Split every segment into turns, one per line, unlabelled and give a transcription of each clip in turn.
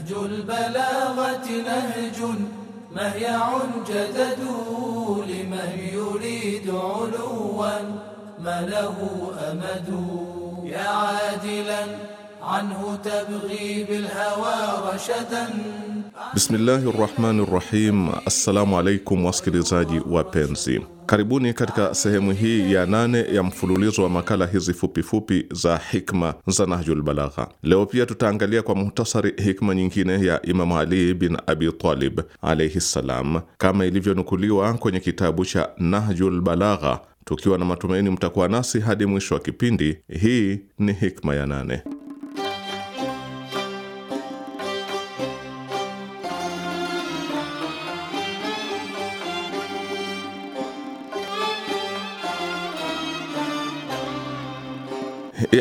نهج البلاغة نهج مهيع جدده لمن يريد علوا ما له أمد يا عادلا عنه تبغي بالهوى رشدا Bismillahi rahmani rahim. Assalamu alaikum wasikilizaji wapenzi, karibuni katika sehemu hii ya nane ya mfululizo wa makala hizi fupifupi fupi za hikma za Nahjul Balagha. Leo pia tutaangalia kwa muhtasari hikma nyingine ya Imamu Ali bin Abi Talib alaihi ssalam, kama ilivyonukuliwa kwenye kitabu cha Nahjul Balagha, tukiwa na matumaini mtakuwa nasi hadi mwisho wa kipindi. Hii ni hikma ya nane.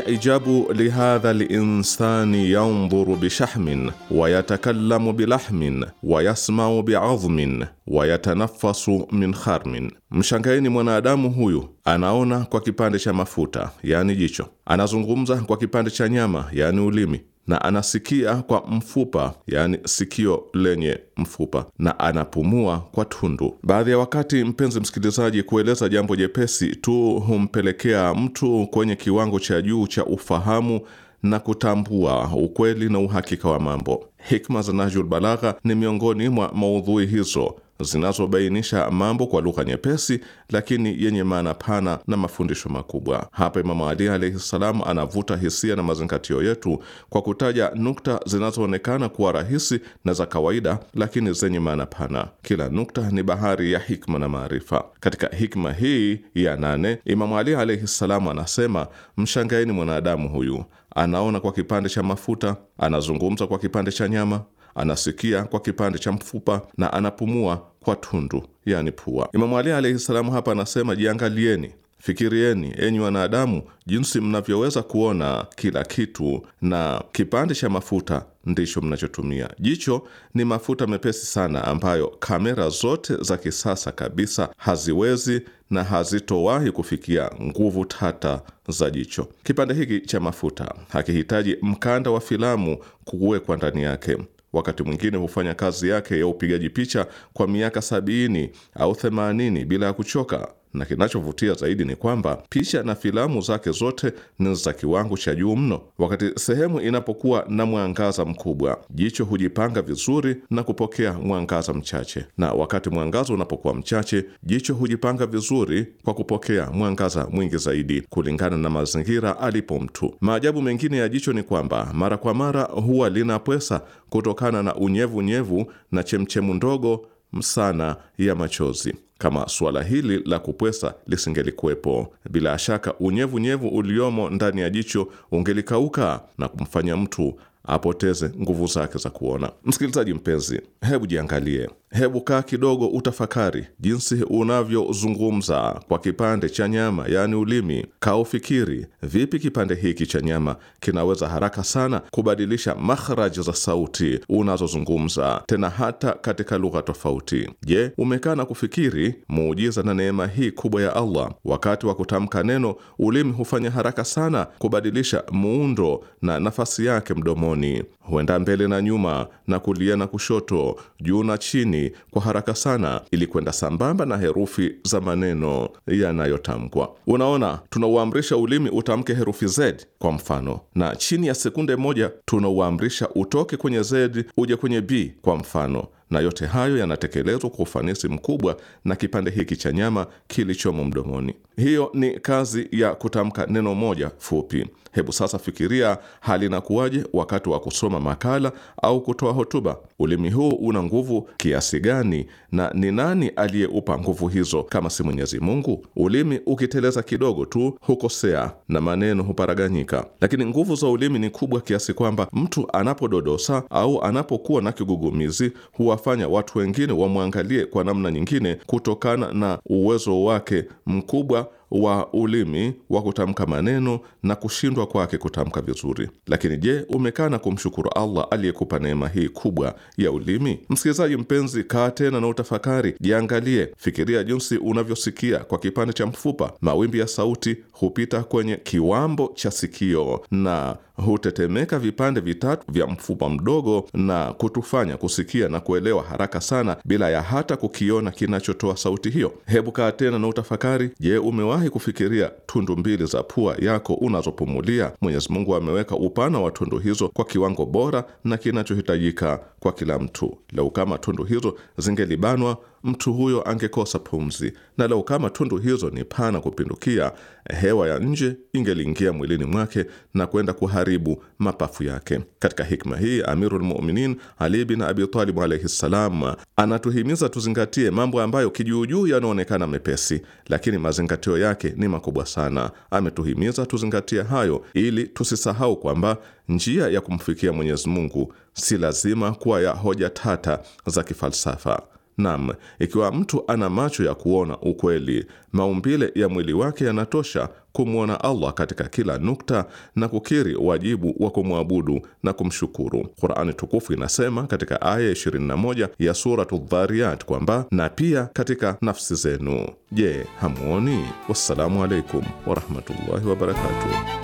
ijabu lihadha linsani yandhuru bishahmin wayatakallamu bilahmin wayasmau biadhmin wayatanafasu min kharmin, mshangaeni mwanadamu huyu anaona kwa kipande cha mafuta, yani jicho, anazungumza kwa kipande cha nyama, yani ulimi, na anasikia kwa mfupa, yaani sikio lenye mfupa, na anapumua kwa tundu. Baadhi ya wakati, mpenzi msikilizaji, kueleza jambo jepesi tu humpelekea mtu kwenye kiwango cha juu cha ufahamu na kutambua ukweli na uhakika wa mambo. Hikma za Nahjul Balagha ni miongoni mwa maudhui hizo zinazobainisha mambo kwa lugha nyepesi lakini yenye maana pana na mafundisho makubwa. Hapa Imamu Ali alaihi ssalam anavuta hisia na mazingatio yetu kwa kutaja nukta zinazoonekana kuwa rahisi na za kawaida, lakini zenye maana pana. Kila nukta ni bahari ya hikma na maarifa. Katika hikma hii ya nane, Imamu Ali alaihi ssalam anasema, mshangaeni mwanadamu huyu, anaona kwa kipande cha mafuta, anazungumza kwa kipande cha nyama anasikia kwa kipande cha mfupa na anapumua kwa tundu, yani pua. Imamu Ali alaihi salamu hapa anasema, jiangalieni, fikirieni enyi wanadamu, jinsi mnavyoweza kuona kila kitu, na kipande cha mafuta ndicho mnachotumia. Jicho ni mafuta mepesi sana ambayo kamera zote za kisasa kabisa haziwezi na hazitowahi kufikia nguvu tata za jicho. Kipande hiki cha mafuta hakihitaji mkanda wa filamu kuwekwa ndani yake. Wakati mwingine hufanya kazi yake ya upigaji picha kwa miaka sabini au themanini bila ya kuchoka na kinachovutia zaidi ni kwamba picha na filamu zake zote ni za kiwango cha juu mno. Wakati sehemu inapokuwa na mwangaza mkubwa, jicho hujipanga vizuri na kupokea mwangaza mchache, na wakati mwangaza unapokuwa mchache, jicho hujipanga vizuri kwa kupokea mwangaza mwingi zaidi, kulingana na mazingira alipo mtu. Maajabu mengine ya jicho ni kwamba mara kwa mara huwa lina pwesa kutokana na unyevunyevu na chemchemu ndogo sana ya machozi kama suala hili la kupwesa lisingelikuwepo. Bila shaka unyevunyevu uliomo ndani ya jicho ungelikauka na kumfanya mtu apoteze nguvu zake za kuona. Msikilizaji mpenzi, hebu jiangalie, hebu kaa kidogo, utafakari jinsi unavyozungumza kwa kipande cha nyama, yaani ulimi. Kaufikiri vipi kipande hiki cha nyama kinaweza haraka sana kubadilisha makhraji za sauti unazozungumza, tena hata katika lugha tofauti. Je, umekaa na kufikiri kweli muujiza na neema hii kubwa ya Allah. Wakati wa kutamka neno, ulimi hufanya haraka sana kubadilisha muundo na nafasi yake mdomoni, huenda mbele na nyuma na kulia na kushoto, juu na chini kwa haraka sana, ili kwenda sambamba na herufi za maneno yanayotamkwa. Unaona, tunauamrisha ulimi utamke herufi Z kwa mfano, na chini ya sekunde moja tunauamrisha utoke kwenye Z uje kwenye B kwa mfano na yote hayo yanatekelezwa kwa ufanisi mkubwa na kipande hiki cha nyama kilichomo mdomoni. Hiyo ni kazi ya kutamka neno moja fupi Hebu sasa fikiria hali inakuwaje wakati wa kusoma makala au kutoa hotuba. Ulimi huu una nguvu kiasi gani, na ni nani aliyeupa nguvu hizo kama si Mwenyezi Mungu? Ulimi ukiteleza kidogo tu hukosea na maneno huparaganyika, lakini nguvu za ulimi ni kubwa kiasi kwamba mtu anapododosa au anapokuwa na kigugumizi huwafanya watu wengine wamwangalie kwa namna nyingine kutokana na uwezo wake mkubwa wa ulimi wa kutamka maneno na kushindwa kwake kutamka vizuri. Lakini je, umekaa na kumshukuru Allah aliyekupa neema hii kubwa ya ulimi? Msikilizaji mpenzi, kaa tena na utafakari, jiangalie, fikiria jinsi unavyosikia kwa kipande cha mfupa. Mawimbi ya sauti hupita kwenye kiwambo cha sikio na hutetemeka vipande vitatu vya mfupa mdogo na kutufanya kusikia na kuelewa haraka sana bila ya hata kukiona kinachotoa sauti hiyo. Hebu kaa tena na utafakari, je, umewa umewahi kufikiria tundu mbili za pua yako unazopumulia? Mwenyezi Mungu ameweka upana wa tundu hizo kwa kiwango bora na kinachohitajika kwa kila mtu. Lau kama tundu hizo zingelibanwa mtu huyo angekosa pumzi, na lau kama tundu hizo ni pana kupindukia, hewa ya nje ingeliingia mwilini mwake na kwenda kuharibu mapafu yake. Katika hikma hii, Amirul Mu'minin Ali bin Abi Talib alayhi ssalam anatuhimiza tuzingatie mambo ambayo kijuujuu yanaonekana mepesi, lakini mazingatio yake ni makubwa sana. Ametuhimiza tuzingatie hayo ili tusisahau kwamba njia ya kumfikia Mwenyezi Mungu si lazima kuwa ya hoja tata za kifalsafa. Nam, ikiwa mtu ana macho ya kuona ukweli, maumbile ya mwili wake yanatosha kumwona Allah katika kila nukta na kukiri wajibu wa kumwabudu na kumshukuru. Qurani tukufu inasema katika aya 21 ya Suratu Dhariyat kwamba na pia katika nafsi zenu. Je, hamuoni? Wassalamu alaikum warahmatullahi wabarakatuh.